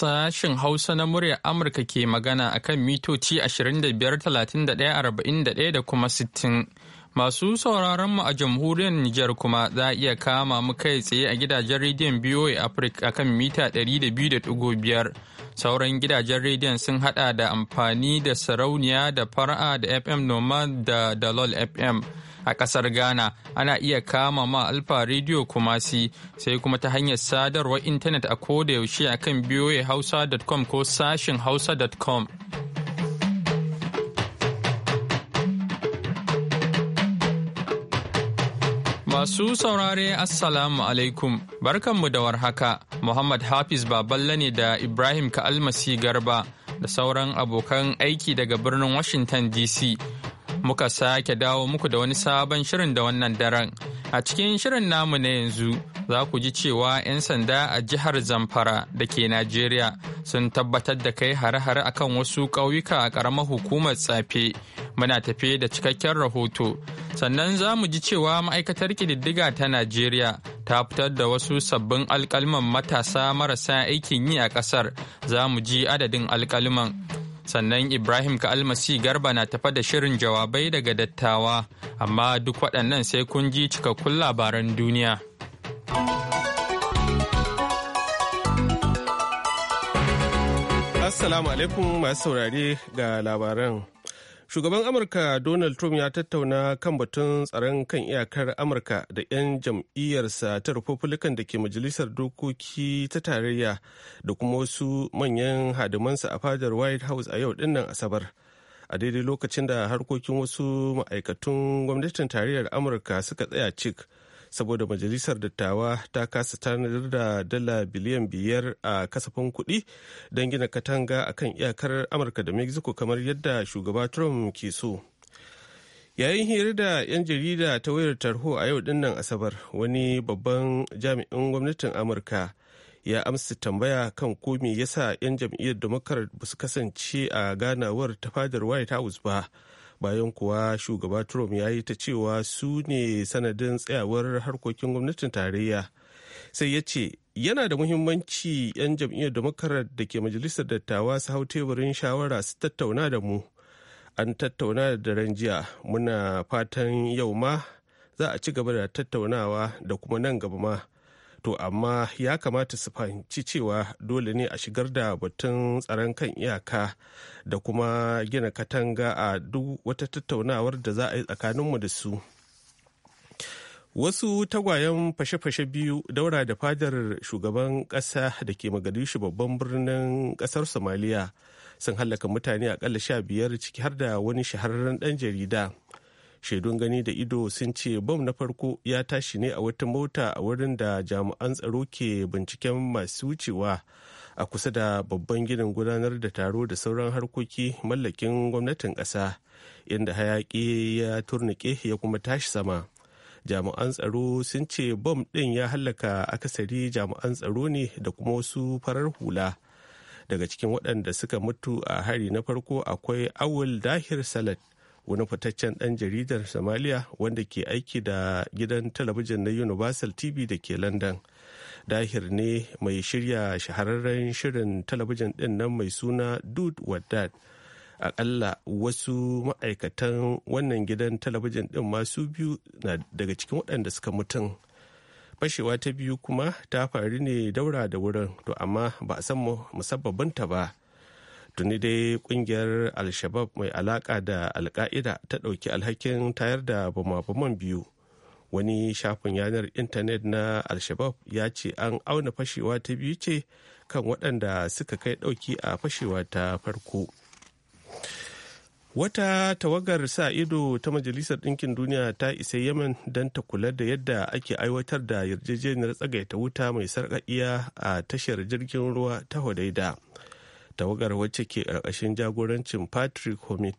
sashin Hausa na murya Amurka ke magana a kan mitoci 25,31,41 da kuma 60. Masu sauraron mu a jamhuriyar Nijar kuma za a iya kama mu kai tsaye a gidajen rediyon BOA Africa a kan mita 200.5. Sauran gidajen rediyon sun hada da amfani da sarauniya da fara'a da FM noma da Dalol FM. a kasar Ghana ana iya kama ma Alfa Radio Kumasi sai kuma ta hanyar sadarwar intanet a koda yaushe a kan akan hausa.com ko sashin hausa.com. Masu saurare Assalamu alaikum, barkanmu da warhaka, Muhammad Hafiz baballa ne da Ibrahim Ka'almasi Garba da sauran abokan aiki daga birnin Washington DC. muka sake dawo muku da wani sabon shirin da wannan daren. A cikin shirin namu na yanzu za ku ji cewa 'yan sanda a jihar Zamfara da ke Najeriya sun tabbatar da kai hare-hare akan wasu ƙauyuka a ƙaramar hukumar tsafe. Muna tafe da cikakken rahoto. Sannan za mu ji cewa ma'aikatar ƙididdiga ta Najeriya ta fitar da wasu sabbin alkalman matasa marasa aikin yi a ƙasar. Za mu ji adadin alkalman. sannan ibrahim ka almasi garba na tafa da shirin jawabai daga dattawa amma duk waɗannan sai kun ji cikakkun labaran duniya assalamu alaikum masu saurare ga labaran Shugaban Amurka Donald Trump ya tattauna kan batun tsaron kan iyakar Amurka da 'yan jam'iyyarsa ta Republican da ke Majalisar Dokoki ta Tarayya da kuma wasu manyan hadimansa a fadar White House a yau dinnan Asabar. A daidai lokacin da harkokin wasu ma'aikatun gwamnatin tarayyar Amurka suka tsaya cik saboda majalisar dattawa ta kasa tanar da dala biliyan biyar a kasafin kuɗi don gina katanga a kan iyakar amurka da mexico kamar yadda shugaba trump ke so yayin hira da 'yan jarida ta wayar tarho a yau dinnan asabar wani babban jami'in gwamnatin amurka ya amsa tambaya kan ko me yasa 'yan jam'iyyar democrat ba su kasance a ganawar ta fadar white house ba bayan kuwa shugaba trump ya yi ta cewa su ne sanadin tsayawar harkokin gwamnatin tarayya sai ya ce yana da muhimmanci 'yan jam'iyyar demokrat da ke majalisar dattawa su hau teburin shawara su tattauna da mu an tattauna da daren jiya muna fatan yau ma za a ci gaba da tattaunawa da kuma nan gaba ma to amma ya kamata su fahimci cewa dole ne a shigar da batun tsaron kan iyaka da kuma gina katanga a duk wata tattaunawar da za a yi tsakaninmu da su wasu tagwayen fashe-fashe biyu daura da fadar shugaban ƙasa da ke magadishu babban birnin ƙasar somaliya sun hallaka mutane akalla sha biyar ciki har da wani shahararren ɗan jarida shaidun gani da ido sun ce bom na farko ya tashi ne a wata mota a wurin da jami'an tsaro ke binciken masu wucewa a kusa da babban ginin gudanar da taro da sauran harkoki mallakin gwamnatin ƙasa inda hayaƙi ya turnike ya kuma tashi sama jami'an tsaro sun ce bom ɗin ya hallaka akasari jami'an tsaro ne da kuma wasu farar hula daga cikin waɗanda suka mutu a hari na farko akwai awul dahir salat wani fitaccen ɗan jaridar somalia wanda ke aiki da gidan talabijin na universal tv da ke london dahir ne mai shirya shahararren shirin talabijin ɗin nan mai suna dude wadad akalla wasu ma'aikatan wannan gidan talabijin ɗin masu biyu na daga cikin waɗanda suka mutum fashewa ta biyu kuma ta faru ne daura da wurin to amma ba a san musabbabinta ba tuni dai kungiyar al-shabab mai alaka da alka'ida ta ɗauki alhakin tayar da bumabuman biyu wani shafin yanar intanet na al-shabab ya ce an auna fashewa ta biyu ce kan waɗanda suka kai ɗauki a fashewa ta farko wata tawagar sa ido ta majalisar ɗinkin duniya ta isa yemen don ta kula da yadda ake aiwatar da yarjejeniyar tsagaita wuta mai sarƙaƙiya a tashar jirgin ruwa ta hodaida tawagar wacce ke ƙarƙashin jagorancin patrick homit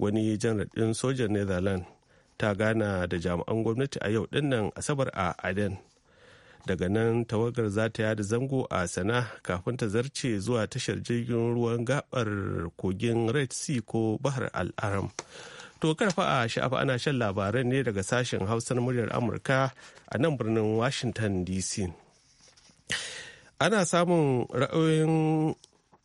wani janarɗin ɗin sojan netherlands ta gana da jami'an gwamnati a yau dinnan asabar a aden daga nan tawagar za ta yada zango a sana kafin ta zarce zuwa tashar jirgin ruwan gabar kogin red sea ko bahar al'aram to karfa a sha'afa ana shan labaran ne daga sashen hausar muryar amurka a nan birnin washington dc ana samun ra'ayoyin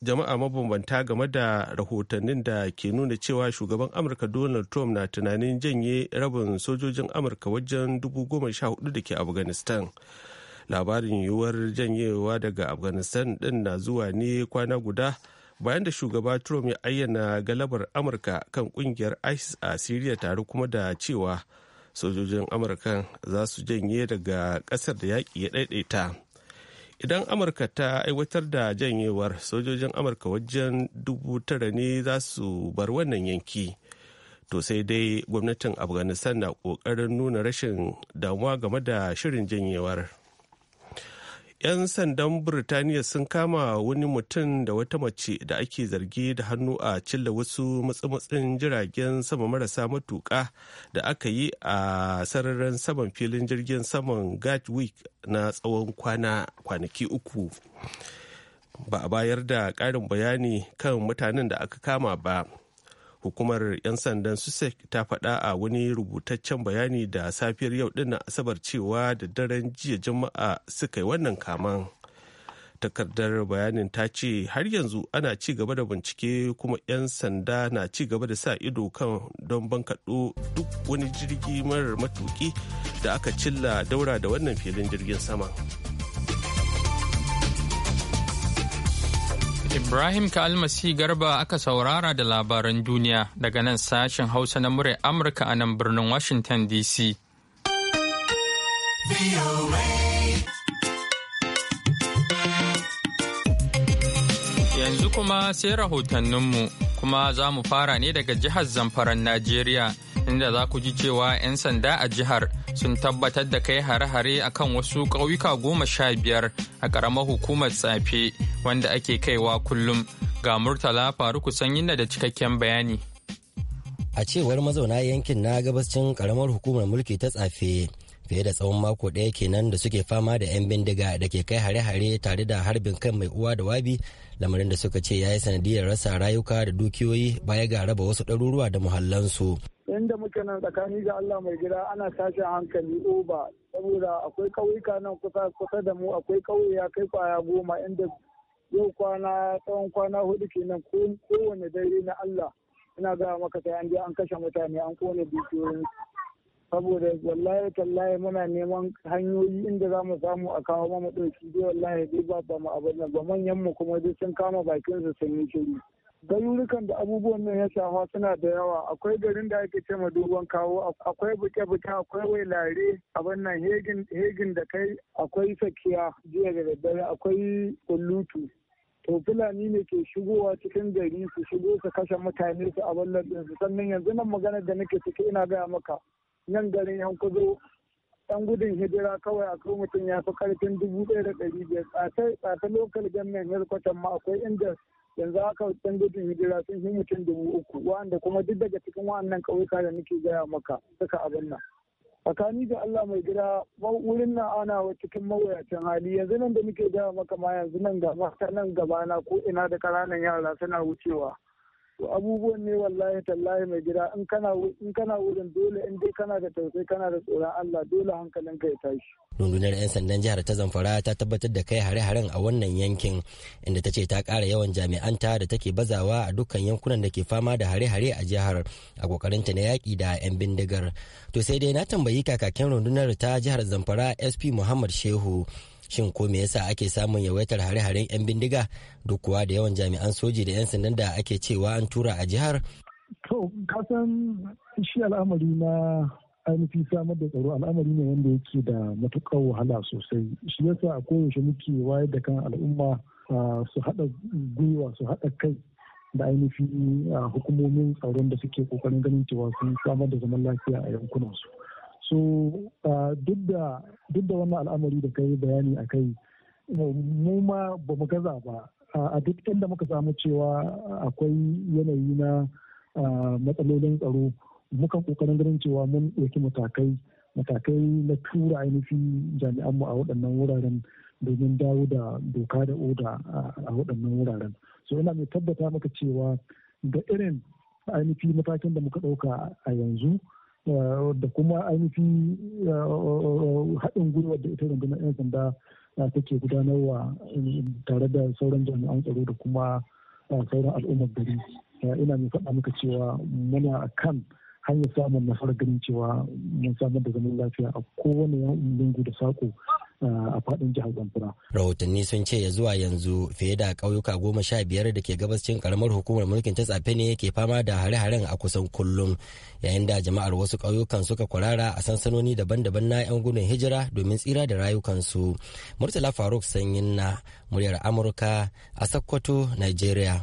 jama'a mabambanta game da rahotannin da ke nuna cewa shugaban amurka donald trump na tunanin janye rabin sojojin amurka wajen dubu goma sha hudu da ke afghanistan labarin yiwuwar janyewa daga afghanistan din na zuwa ne kwana guda bayan da shugaba trump ya ayyana galabar amurka kan kungiyar isis a syria tare kuma da cewa sojojin amurka za su janye daga kasar da yaƙi ya ɗaiɗaita idan amurka ta aiwatar da janyewar sojojin amurka wajen dubu tara ne za su bar wannan yanki to sai dai gwamnatin afghanistan na kokarin nuna rashin damuwa game da shirin janyewar 'yan sandan burtaniya sun kama wani mutum da wata mace da ake zargi da hannu a cilla wasu matsamatsin jiragen sama marasa matuka da aka yi a sararin saman filin jirgin saman gatwick na tsawon kwana kwanaki uku ba a bayar da karin bayani kan mutanen da aka kama ba hukumar 'yan sandan sussex ta faɗa a wani rubutaccen bayani da safiyar yau din asabar cewa da daren jiya juma'a suka yi wannan kaman takardar bayanin ta ce har yanzu ana ci gaba da bincike kuma 'yan sanda na ci gaba da sa ido kan don bankaɗo duk wani jirgi marar matuki da aka cilla daura da wannan filin jirgin sama. Ibrahim Kalmasi Garba aka saurara da labaran duniya daga nan sashen Hausa na murai Amurka a nan birnin Washington DC. Yanzu kuma sai rahotanninmu kuma za mu fara ne daga jihar Zamfaran Najeriya inda za ku ji cewa 'yan sanda a jihar sun tabbatar da kai hare-hare akan wasu ƙauyuka goma sha biyar a ƙaramar hukumar tsafe wanda ake kaiwa kullum ga murtala faruku sanyin da cikakken bayani a cewar mazauna yankin na gabascin karamar hukumar mulki ta tsafe fiye da tsawon mako ɗaya kenan da suke fama da 'yan bindiga da ke kai hare-hare tare da harbin kan mai uwa da wabi lamarin da suka ce ya yi sanadiyar rasa rayuka da dukiyoyi baya ga raba wasu ɗaruruwa da muhallansu. inda muke nan tsakani ga Allah mai gida ana tashi hankali uba saboda akwai kauyuka nan kusa kusa da mu akwai kauye ya kai kwaya goma inda yau kwana tsawon kwana hudu kenan kowane dare na Allah ina ga maka sai an je an kashe mutane an kone dukiyoyin saboda wallahi tallahi muna neman hanyoyi inda za mu samu a kawo mamu ɗauki dai wallahi dai ba ba mu abin nan ba manyan mu kuma dai sun kama bakin su sun yi shiri garurukan da abubuwan nan ya shafa suna da yawa akwai garin da ake ce dogon kawo akwai buke-buke akwai wailare abin nan hegin da kai akwai sakiya jiya da daddare akwai kullutu to fulani ne ke shigowa cikin gari su shigo su kashe mutane su a wallan ɗinsu sannan yanzu nan magana da nake ciki ina gaya maka nan garin yan kudu yan gudun hijira kawai a kan mutum ya fi karfin dubu ɗaya da ɗari biyar tsata lokal gannan hirkwatan ma akwai inda yanzu haka yan gudun hijira sun yi mutum dubu uku wanda kuma duk daga cikin wa'annan ƙauyuka da nake gaya maka suka abin nan. tsakani da Allah mai gida wurin na ana wa cikin mawuyacin hali yanzu nan da muke gaya maka ma yanzu nan ga mata nan gabana ko ina da ƙananan yara suna wucewa to abubuwan ne wallahi tallahi mai gida in kana wurin dole in dai kana da tausayi kana da tsoron Allah dole hankalin ka ya tashi rundunar 'yan sandan jihar ta zamfara ta tabbatar da kai hare-haren a wannan yankin inda ta ce ta kara yawan jami'anta da take bazawa a dukkan yankunan da ke fama da hare-hare a jihar a kokarinta na yaƙi da 'yan bindigar to sai dai na tambayi kakakin rundunar ta jihar zamfara sp muhammad shehu shin ko me yasa ake samun yawaitar hare-haren 'yan bindiga duk kuwa da yawan jami'an soji da 'yan sandan da ake cewa an tura a jihar to kasan shi al'amari na ainihin samar da tsaro al'amari ne wanda yake da matuƙar wahala sosai shi yasa a koyaushe muke wayar da kan al'umma su haɗa gwiwa su haɗa kai da ainihin hukumomin tsaron da suke kokarin ganin cewa sun samar da zaman lafiya a yankunansu. su uh, duk da wannan al'amari da kai bayani a kai mu ma ba mu gaza ba a duk inda muka samu cewa akwai yanayi na uh, matsalolin tsaro mukan kokarin ganin cewa mun ɗauki matakai matakai na tura ainihin jami'anmu a waɗannan wuraren domin dawo da doka da oda a waɗannan wuraren so ina mai tabbata maka cewa ga irin ainihin matakin da muka ɗauka a yanzu Eh, da kuma ainihi eh, haɗin gwiwa da ita rundunar 'yan sanda eh, take gudanarwa tare da sauran jami'an tsaro da kuma sauran al'ummar gari ina mai faɗa muka cewa muna a kan hanyar samun nasarar ganin cewa mun samar da zaman lafiya a kowane lungu da sako a faɗin jihar Zamfara. Rahotanni sun ce ya zuwa yanzu fiye da ƙauyuka goma sha biyar da ke gabashin karamar hukumar mulkin ta tsafe ne ke fama da hare-haren a kusan kullum yayin da jama'ar wasu ƙauyukan suka kwarara a sansanoni daban-daban na 'yan gudun hijira domin tsira da rayukansu. Murtala Faruk Sanyin na muryar Amurka a Sokoto, Nigeria.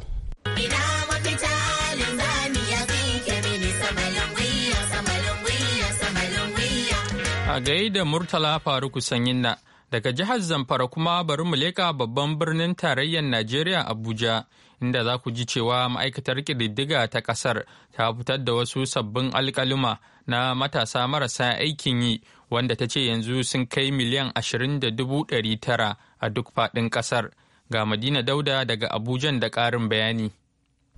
A gaida Murtala Faruku na daga jihar Zamfara kuma bari mu leka babban birnin tarayyar Najeriya Abuja inda za ku ji cewa ma'aikatar ƙididdiga ta ƙasar ta fitar da wasu sabbin alƙaluma na matasa marasa aikin yi wanda ta ce yanzu sun kai miliyan ashirin da dubu ɗari tara a duk faɗin ƙasar. Ga Madina Dauda daga Abujan da ƙarin bayani.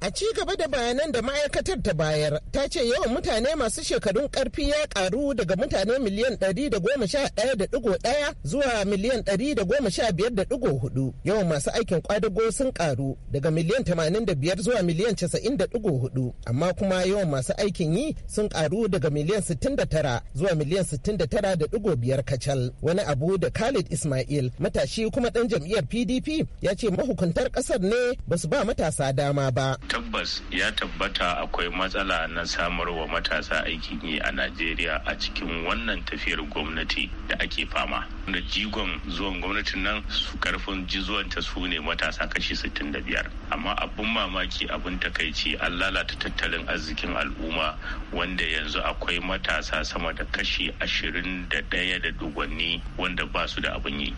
A ci gaba da bayanan da ma'aikatar ta bayar, ta ce yawan mutane masu shekarun karfi ya karu daga mutane miliyan 111.1 zuwa miliyan 115.4. Yawan masu aikin kwadago sun karu daga miliyan 85 zuwa miliyan 90.4. Amma kuma yawan masu aikin yi sun karu daga miliyan 69 zuwa miliyan 69.5 kacal. Wani abu da Khalid Ismail, matashi kuma dan jam'iyyar PDP, ya ce mahukuntar kasar ne ba su ba matasa dama ba. tabbas ya tabbata akwai matsala na samarwa matasa aikin yi a najeriya a cikin wannan tafiyar gwamnati da ake fama da jigon zuwan gwamnatin nan su karfin jizuwanta su ne matasa kashi 65 amma abin mamaki abin takaici an lalata tattalin arzikin al'umma wanda yanzu akwai matasa sama da kashi 21 da dugwanni wanda ba su da abin yi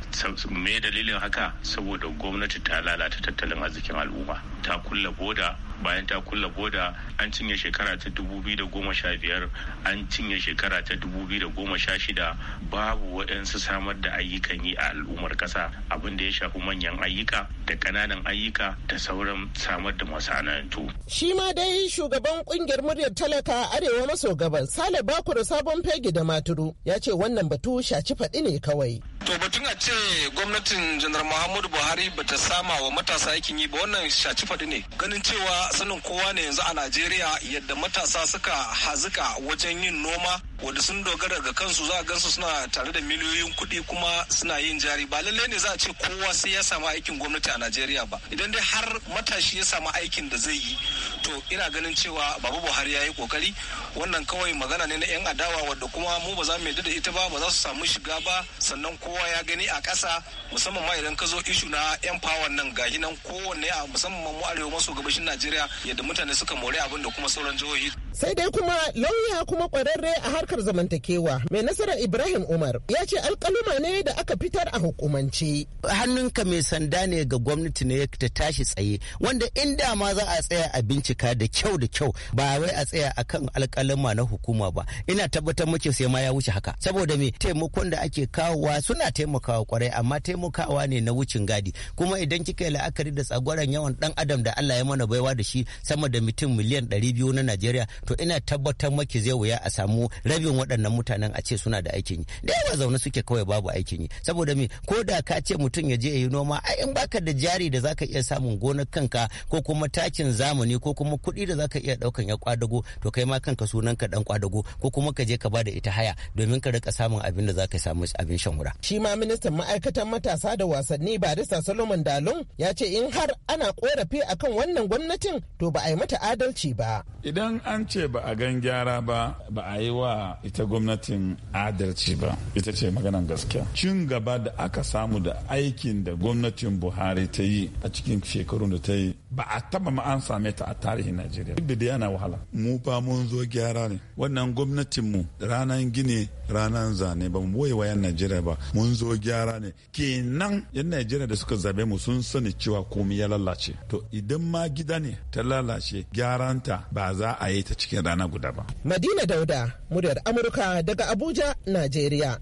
me dalilin haka saboda gwamnati ta lalata tattalin arzikin al'umma ta kulle boda bayan ta kulla boda an cinye shekara ta da goma sha biyar an cinye shekara ta da goma sha shida babu waɗansu samar da ayyukan yi a al'ummar ƙasa abin da ya shafi manyan ayyuka da ƙananan ayyuka da sauran samar da masana'antu. shi ma dai shugaban ƙungiyar muryar talaka arewa maso gabas sale bakuru sabon fegi da maturu ya ce wannan batu shaci faɗi ne kawai. To batun a ce gwamnatin janar Muhammadu Buhari bata sama wa matasa aikin yi ba wannan shaci faɗi ne. Ganin cewa sanin kowa ne yanzu a Najeriya yadda matasa suka hazuka wajen yin noma wanda sun dogara ga kansu za a gansu suna tare da miliyoyin kuɗi kuma suna yin jari ba lalle ne za a ce kowa sai ya samu aikin gwamnati a najeriya ba idan dai har matashi ya samu aikin da zai yi to ina ganin cewa babu buhari ya yi kokari wannan kawai magana ne na yan adawa wadda kuma mu ba za mu yadda da ita ba ba za su samu shiga ba sannan kowa ya gani a ƙasa musamman ma idan ka zo ishu na yan fawon nan gahi nan kowanne a musamman mu arewa maso gabashin najeriya yadda mutane suka more abin da kuma sauran jihohi sai dai kuma lauya kuma kwararre a harkar zamantakewa mai nasara ibrahim umar ya ce alkaluma ne da aka fitar a hukumance hannunka mai sanda ne ga gwamnati ne ta tashi tsaye wanda inda ma za a tsaya a bincika da kyau da kyau ba wai a tsaya akan alkaluma na hukuma ba ina tabbatar muke sai ma ya wuce haka saboda me taimakon da ake kawowa suna taimakawa kwarai amma taimakawa ne na wucin gadi kuma idan kika yi la'akari da tsagwaron yawan dan adam da Allah ya mana baiwa da shi sama da mutum miliyan 200 na Najeriya to ina tabbatar maki zai wuya a samu rabin waɗannan mutanen a ce suna da aikin yi da yawa zaune suke kawai babu aikin yi saboda me ko da ka ce mutum ya je ya yi noma a in baka da jari da zaka iya samun gonar kanka ko kuma takin zamani ko kuma kuɗi da zaka iya ɗaukan ya kwadago to kai ma kanka sunan ka dan kwadago ko kuma ka je ka bada ita haya domin ka rika samun abin da zaka samu abin shan wura shi ma ministan ma'aikatan matasa da wasanni barista Solomon Dalon ya ce in har ana korafi akan wannan gwamnatin to ba a yi mata adalci ba idan an ce ce ba a gan gyara ba ba a yi wa ita gwamnatin adalci ba ita ce maganan gaskiya cin gaba da aka samu da aikin da gwamnatin buhari ta yi a cikin shekarun da ta yi ba a taba ma an same ta a tarihin Najeriya. Duk da ana wahala. Mu fa mun zo gyara ne. Wannan gwamnatinmu ranar gini ranar zane ba mu boye wayan Najeriya ba. Mun zo gyara ne. Kenan yan Najeriya da suka zabe mu sun sani cewa komai ya lalace. To idan ma gida ne ta lalace gyaranta ba za a yi ta cikin rana guda ba. Madina Dauda, muryar Amurka daga Abuja, Najeriya.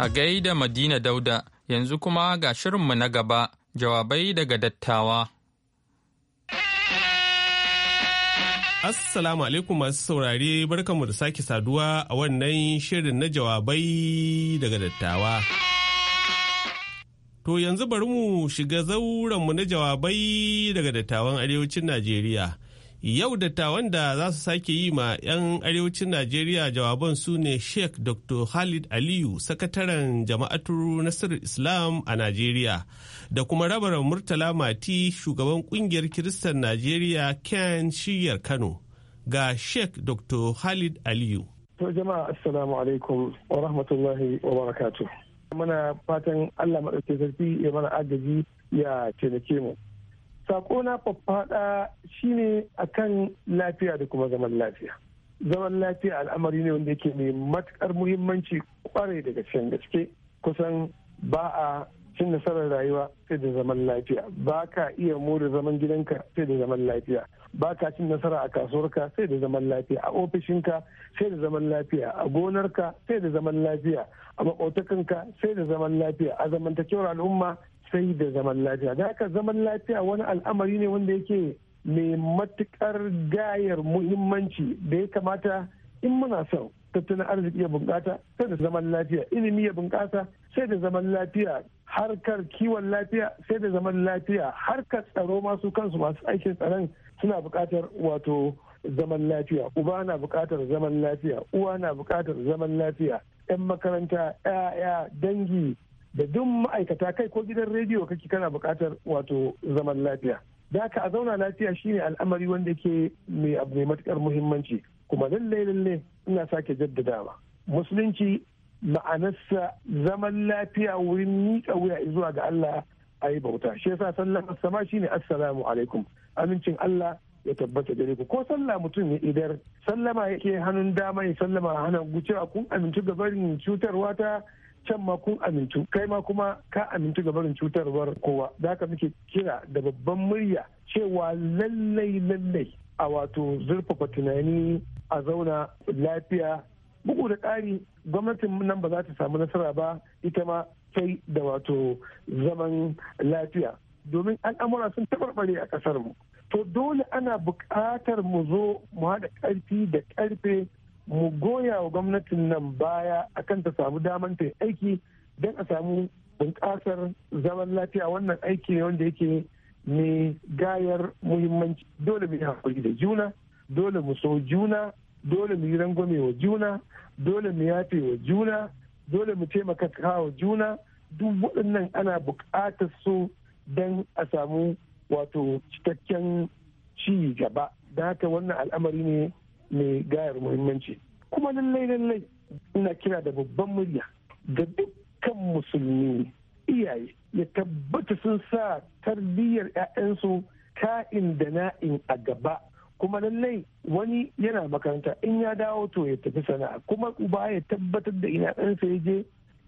A gaida Madina Dauda, yanzu kuma ga shirinmu na gaba, jawabai daga dattawa. Assalamu alaikum masu saurare barkanmu da sake saduwa a wannan shirin na jawabai daga dattawa. To yanzu bari mu shiga zauranmu na jawabai daga dattawan arewacin Najeriya. Yau dattawan da za su sake yi ma 'yan arewacin Najeriya jawaban su ne Sheikh Dr. Khalid Aliyu, sakataren jama'atur Nasiru Islam a Najeriya, da kuma rabar Murtala Mati, shugaban kungiyar Kiristan Najeriya Ken Shiyar Kano, ga Sheikh Dr. Khalid Aliyu. jama'a assalamu alaikum wa rahmatullahi wa barakatuh. Muna fatan Allah maɗauke sarki ya mana agaji ya taimake mu. sako na faffaɗa shine akan lafiya da kuma zaman lafiya zaman lafiya al'amari ne wanda yake mai matukar muhimmanci kwarai daga gaske gaske kusan ba a cin nasarar rayuwa sai da zaman lafiya ba ka iya more zaman gidanka sai da zaman lafiya ba ka cin nasara a kasuwarka sai da zaman lafiya a ofishinka sai da zaman lafiya a gonarka sai da zaman lafiya a makwautanka sai da zaman lafiya a zamantakewar al'umma sai da zaman lafiya da haka zaman lafiya wani al'amari ne wanda yake mai matukar gayar muhimmanci da ya kamata in muna son tattalin arziki ya bunƙasa sai da zaman lafiya ilimi ya bunƙasa sai da zaman lafiya harkar kiwon lafiya sai da zaman lafiya harkar tsaro masu kansu masu aikin tsaron suna buƙatar wato zaman lafiya uba na buƙatar zaman lafiya uwa na buƙatar zaman lafiya 'yan makaranta 'ya'ya dangi da duk ma'aikata kai ko gidan rediyo kake kana buƙatar wato zaman lafiya da haka a zauna lafiya shine al'amari wanda ke mai abu mai matukar muhimmanci kuma lallai lallai ina sake jaddadawa musulunci ma'anarsa zaman lafiya wurin miƙa wuya zuwa ga Allah a yi bauta shi yasa sallan asama shine assalamu alaikum amincin Allah ya tabbata gare ku ko sallah mutum ya idar sallama yake hannun dama ya sallama hannun gucewa kun amince da barin cutarwa ta can ma kun amintu kai ma kuma ka amintu ga barin cutarwar kowa da haka muke kira da babban murya cewa lallai lallai a wato zurfafa tunani a zauna lafiya bugu da ƙari gwamnatin nan ba za ta samu nasara ba ita ma sai da wato zaman lafiya domin al'amura sun tabarbare a ƙasar mu to dole ana buƙatar mu zo mu haɗa ƙarfi da ƙarfe mu goya wa gwamnatin nan baya a kan ta samu daman ta aiki don a samu bunƙasar zaman lafiya wannan aiki ne wanda yake mai gayar muhimmanci dole mu yi haƙuri da juna dole mu so juna dole mu yi rangwame wa juna dole mu yafe wa juna dole mu taimaka wa juna duk waɗannan ana buƙatar su don a samu wato cikakken ci gaba da haka wannan al'amari ne mai gayar muhimmanci kuma lallai lallai ina kira da babban murya ga dukkan musulmi iyaye ya tabbata sun sa tarbiyyar 'ya'yansu ka'in da na'in a gaba kuma lallai wani yana makaranta in ya dawo to ya tafi sana'a kuma uba ya tabbatar da ina ɗansa ya je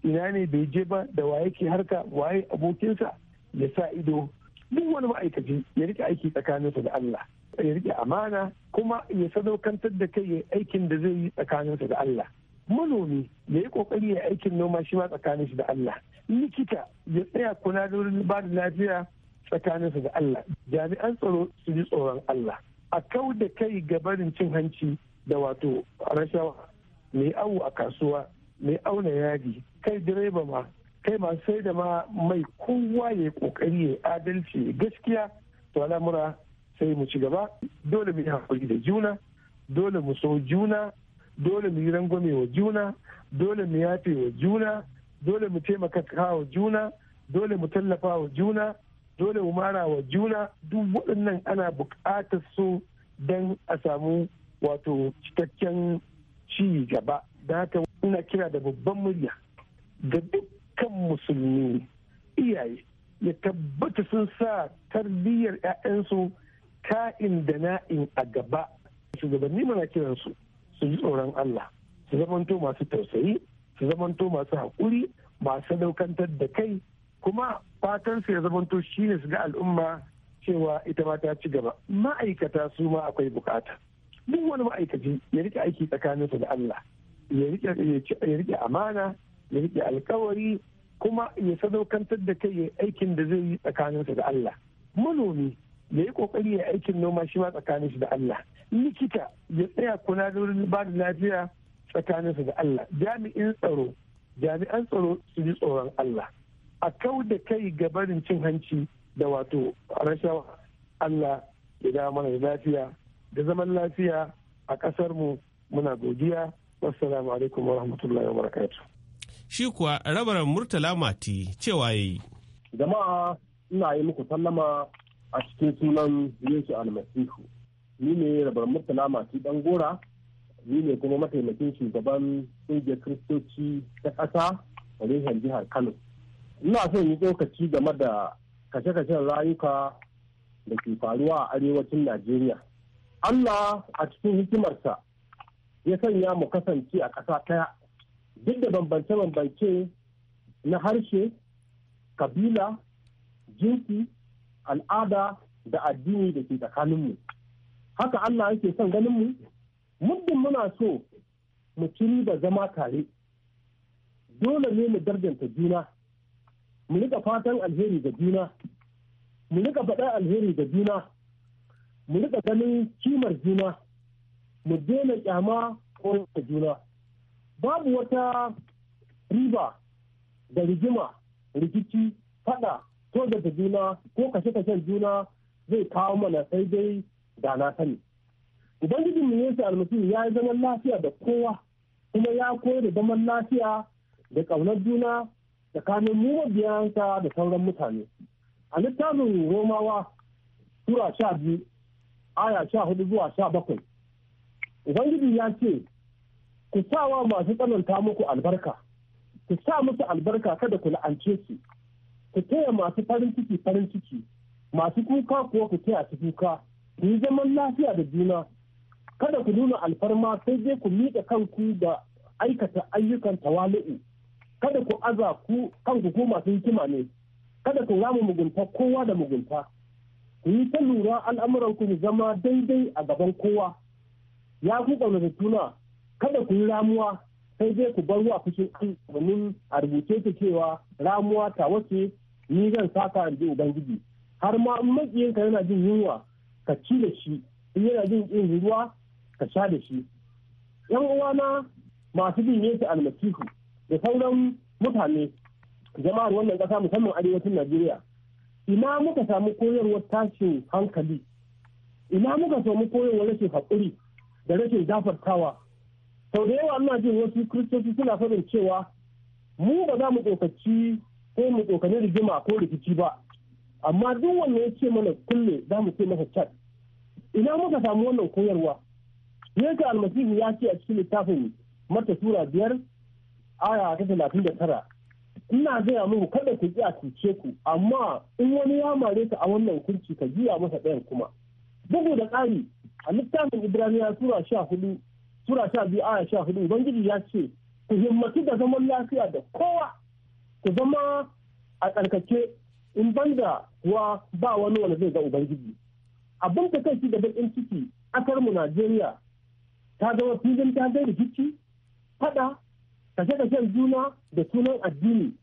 ina ne bai je ba da waye ke harka waye abokinsa ya sa ido duk wani ma'aikaci ya rika aiki tsakaninsa da Allah ya rike amana kuma ya sadaukantar da kai ya aikin da zai yi tsakaninsa da Allah manomi ya yi ƙoƙari ya aikin noma shi ma tsakanin shi da Allah likita ya tsaya kuna da ba da lafiya tsakaninsa da Allah jami'an tsaro su ji tsoron Allah a kau da kai ga cin hanci da wato rashawa mai awo a kasuwa mai auna yadi kai direba ma kai masu sai da ma mai kowa ya kokari ya adalci gaskiya to al'amura sai mu ci gaba dole mu yi hakuri da juna dole mu so juna dole mu yi rangwame wa juna dole mu yafe wa juna dole mu taimaka wa juna dole mu tallafa wa juna dole mu mara wa juna duk waɗannan ana buƙatar su don a samu wato cikakken ci gaba da haka ina kira da babban murya ga dukkan musulmi iyaye ya tabbata sun sa tarbiyyar 'ya'yansu ka'in da na'in a gaba shugabanni mana kiransu su su ji tsoron Allah su zamanto masu tausayi su zamanto masu haƙuri masu daukantar da kai kuma fatan su ya zamanto ne su ga al'umma cewa ita ma ta ci gaba ma'aikata su ma akwai bukata duk wani ma'aikaci ya rike aiki tsakaninsa da Allah ya rike amana ya rike alkawari kuma ya sadaukantar da kai aikin da zai yi tsakaninsa da Allah manomi ya yi kokari ya aikin noma shi ma tsakanin shi da Allah likita ya tsaya kuna wurin ba da lafiya tsakanin su da Allah jami'in tsaro jami'an tsaro su ji tsoron Allah a kau da kai gabanin cin hanci da wato rashawa Allah ya da mana da lafiya da zaman lafiya a ƙasar mu muna godiya wassalamu alaikum wa rahmatullahi wa shi kuwa rabaran murtala mati cewa yi. jama'a ina yi muku sallama a cikin sunan yesu almasihu ni ne rabar murtala masu dan gora ni ne kuma mataimakin shugaban ƙungiyar kiristoci ta ƙasa a reshen jihar kano ina son yi tsokaci game da kashe-kashen rayuka da ke faruwa a arewacin najeriya allah a cikin hikimarsa ya sanya mu kasance a ƙasa ɗaya duk da bambance-bambance na harshe kabila jinsi al'ada da addini da ke tsakaninmu haka Allah yake son ganinmu muddin muna so mu ci da zama tare dole ne mu darjanta juna mu rika fatan alheri ga juna mu rika faɗa alheri da juna mu rika ganin kimar juna mu daina kyama ko juna babu wata riba da rigima rikici faɗa ko da juna ko kashe-kashen juna zai kawo mana sai dai da na sani ubangijin mu yesu almasihu ya yi zaman lafiya da kowa kuma ya koyar da zaman lafiya da ƙaunar juna tsakanin mu mabiyansa da sauran mutane a littafin romawa tura sha biyu aya sha hudu zuwa sha bakwai ubangiji ya ce ku sa wa masu tsananta muku albarka ku sa musu albarka kada ku la'ance su ku taya masu farin ciki farin ciki masu kuka kuwa ku taya su kuka ku yi zaman lafiya da juna kada ku nuna alfarma sai dai ku miƙa kanku da aikata ayyukan tawali'u kada ku aza ku kanku ko masu hikima ne kada ku rama mugunta kowa da mugunta ku yi ta lura al'amuranku ku zama daidai a gaban kowa ya ku da tuna kada ku yi ramuwa sai dai ku bar wa fushin a rubuce ta cewa ramuwa ta wace ni zan saka in ji ubangiji har ma in makiyinka yana jin yunwa ka ci da shi in yana jin ƙin ruwa ka sha da shi yan uwana masu bin yesu almasihu da sauran mutane jama'ar wannan ƙasa musamman arewacin najeriya ina muka samu koyarwar tashin hankali ina muka samu koyarwar rashin haƙuri da rashin gafartawa sau da yawa ina jin wasu kiristoci suna fadin cewa mu ba za mu tsokaci ko mu tsokane rigima ko rikici ba amma duk wanda ya ce mana kulle za mu ce masa cat ina muka samu wannan koyarwa ne ka almasihu ya ce a cikin littafin mata sura biyar aya ta talatin da tara ina gaya muku kada ku a cuce ku amma in wani ya mare ka a wannan kurci ka juya masa ɗayan kuma bugu da ƙari a littafin ibraniya sura sha hudu sura sha biyu aya sha hudu ubangiji ya ce ku himmatu da zaman lafiya da kowa ku zama a tsarkake in banda kuwa ba wani wanda zai ga ubangiji abin da kai da bakin ciki akar mu najeriya ta zama filin ta zai rikici fada kashe kashen juna da sunan addini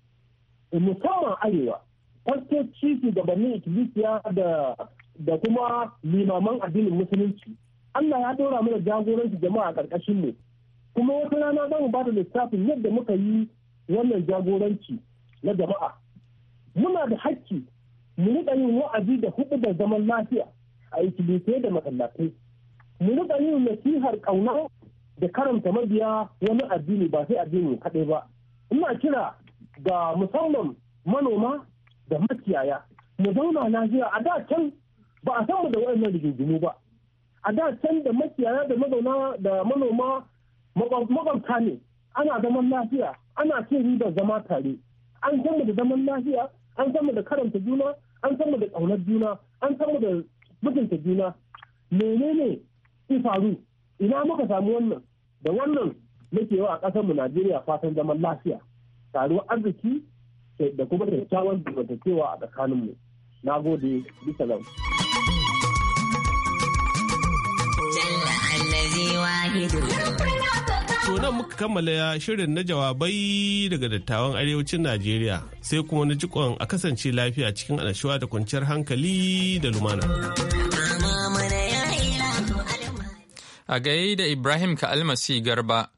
musamman arewa kwastoci shugabannin ikilisiya da da kuma limaman addinin musulunci allah ya dora mana jagoranci jama'a a ƙarƙashin mu kuma wata rana za mu ba da lissafin yadda muka yi wannan jagoranci na jama'a muna da hakki mu riƙa yin wa'azi da hudu da zaman lafiya a ikilite da masallatai mu riƙa yin nasihar ƙauna da karanta mabiya wani addini ba sai addini kaɗai ba ina kira ga musamman manoma da makiyaya mu zauna lafiya a da can ba a samu da wa'annan rigingimu ba a da can da makiyaya da mazauna da manoma maƙwabta ne ana zaman lafiya ana cin ribar zama tare an san mu da zaman lafiya an san mu da karanta juna an san mu da ƙaunar juna an san mu da mutunta juna menene su faru ina muka samu wannan da wannan nake wa a ƙasar mu Najeriya fatan zaman lafiya taruwar arziki da kuma kyakkyawan zamantakewa a tsakaninmu na gode bisa lau. Jalla Allah wahidu. To nan muka kammala shirin na jawabai daga dattawan arewacin Najeriya sai kuma na jikon a kasance lafiya cikin annashuwa da kwanciyar hankali da lumana. A gaye da Ibrahim ka Almasi Garba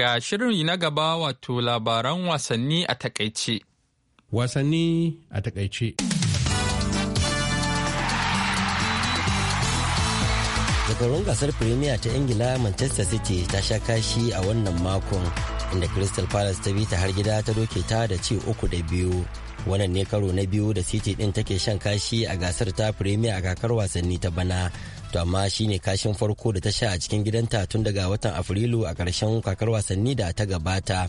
ga shirin na gaba wato labaran wasanni a takaice. Wasanni a takaice. zakarun gasar premier ta ingila manchester city ta sha kashi a wannan makon inda crystal palace ta bi ta har gida ta doke ta da ci uku da biyu wannan ne karo na biyu da city din take shan kashi a gasar ta premier a kakar wasanni ta bana to amma shi ne kashin farko da ta sha a cikin gidanta tun daga watan afrilu a ƙarshen kakar wasanni da ta gabata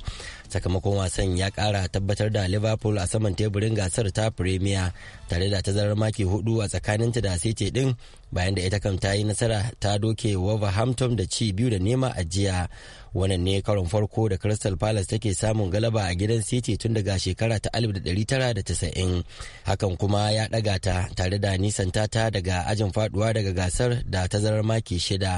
sakamakon wasan ya ƙara tabbatar da liverpool a saman teburin gasar ta premier tare da tazarar maki hudu a tsakaninta da city din bayan da ita kam ta yi nasara ta doke Wolverhampton da ci biyu da nema a jiya wannan ne karon farko da crystal palace take samun galaba a gidan city tun daga shekara ta 1990 hakan kuma ya ɗaga ta tare da nisan ta daga ajin faduwa daga gasar da tazarar maki shida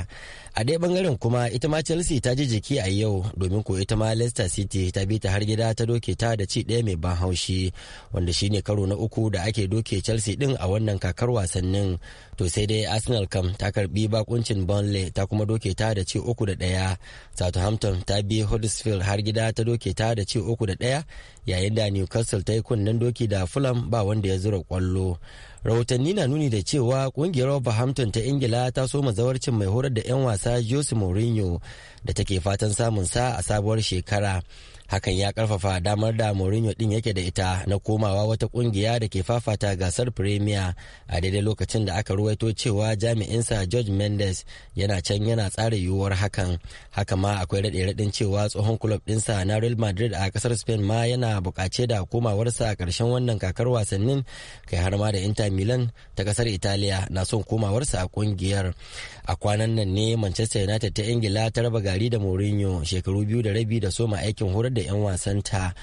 a ɗaya bangaren kuma ita ma chelsea ta ji jiki a yau domin ko ita ma leicester city ta bi ta har gida ta doke ta da ci ɗaya mai ban haushi wanda shine karo na uku da ake doke chelsea din a wannan kakar wasannin to sai dai arsenal kam ta karbi bakuncin burnley ta kuma doke ta da ci uku da ɗaya southampton ta bi huddersfield har gida ta doke ta da ci uku da ɗaya yayin da newcastle ta yi kunnen doki da fulham ba wanda ya zura kwallo rahotanni na nuni da cewa kungiyar Wolverhampton ta ingila ta so mazawarcin mai horar da 'yan wasa jose mourinho da take fatan samun sa a sabuwar shekara hakan ya karfafa damar da Mourinho din yake da ita na komawa wata kungiya da ke fafata gasar Premier a daidai lokacin da aka ruwaito cewa jami'insa George Mendes yana can yana tsara yiwuwar hakan haka ma akwai raɗe-raɗin cewa tsohon din sa na Real Madrid a kasar Spain ma yana buƙace da komawarsa a ƙarshen wannan kakar wasannin kai har ma da Inter Milan ta kasar Italiya na son komawarsa a kungiyar a kwanan nan ne Manchester United ta Ingila ta raba gari da Mourinho shekaru biyu da rabi da soma aikin horar da da 'yan wasanta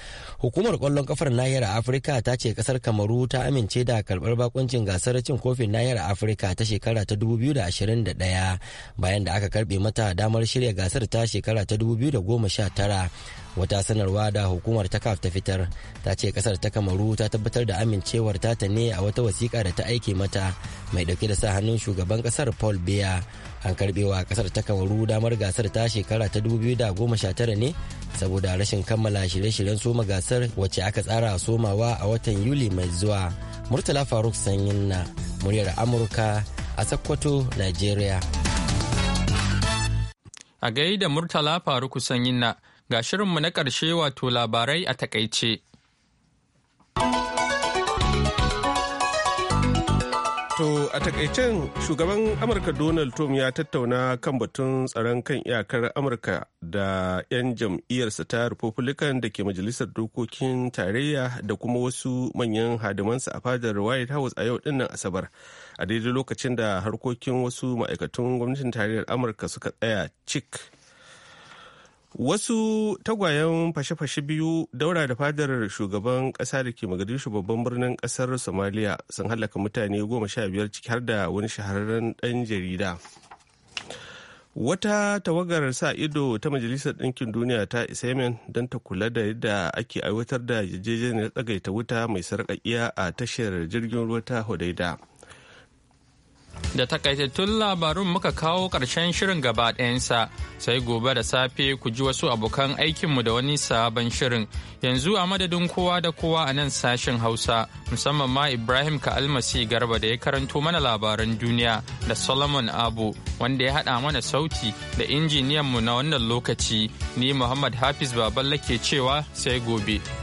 hukumar kwallon kafar nahiyar afirka ta ce kasar kamaru ta amince da karbar bakuncin gasar cin kofin nahiyar afirka ta shekara ta 2021 bayan da aka karbe mata damar shirya gasar ta shekara ta 2019 wata sanarwa da hukumar ta kaf ta fitar ta ce kasar ta kamaru ta tabbatar da amincewar ta ne a wata wasiƙa da ta aike mata mai ɗauke da sa hannun shugaban kasar paul biya an karbewa kasar ta kamaru damar gasar ta shekara ta 2019 ne saboda rashin kammala shirye-shiryen soma gasar wacce aka tsara somawa a watan yuli mai zuwa murtala faruk sanyin na muryar amurka a sakkwato nigeria a gai da murtala faruk sanyin na ga shirinmu na karshe wato labarai a takaice To a takaicen shugaban Amurka Donald Trump ya tattauna kan batun tsaron kan iyakar Amurka da 'yan jam'iyyarsa ta Republican da ke Majalisar Dokokin Tarayya da kuma wasu manyan hadimansa a fadar White House a yau dinnan Asabar. A daidai lokacin da harkokin wasu ma'aikatun gwamnatin tarayyar Amurka suka tsaya cik. Wasu tagwayen fashe-fashe biyu daura da fadar shugaban ƙasa da ke Mogadishu babban birnin ƙasar Somalia sun hallaka mutane goma sha biyar ciki har da wani shahararren ɗan jarida. Wata tawagar sa ido ta Majalisar Ɗinkin Duniya ta isa don ta kula da yadda ake aiwatar da yarjejeniyar tsagaita wuta mai sarƙaƙiya a tashar jirgin ruwa ta Hodeida. Da takaitattun labarun muka kawo ƙarshen shirin gaba ɗayansa sai gobe da safe ku ji wasu abokan aikinmu da wani sabon shirin. Yanzu a madadin kowa da kowa a nan sashen Hausa musamman ma Ibrahim Ka'almasi Garba da ya karanto mana labaran duniya da Solomon Abu wanda ya haɗa mana sauti da injiniyanmu na wannan lokaci ni Muhammad Hafiz Baballa ke cewa sai gobe.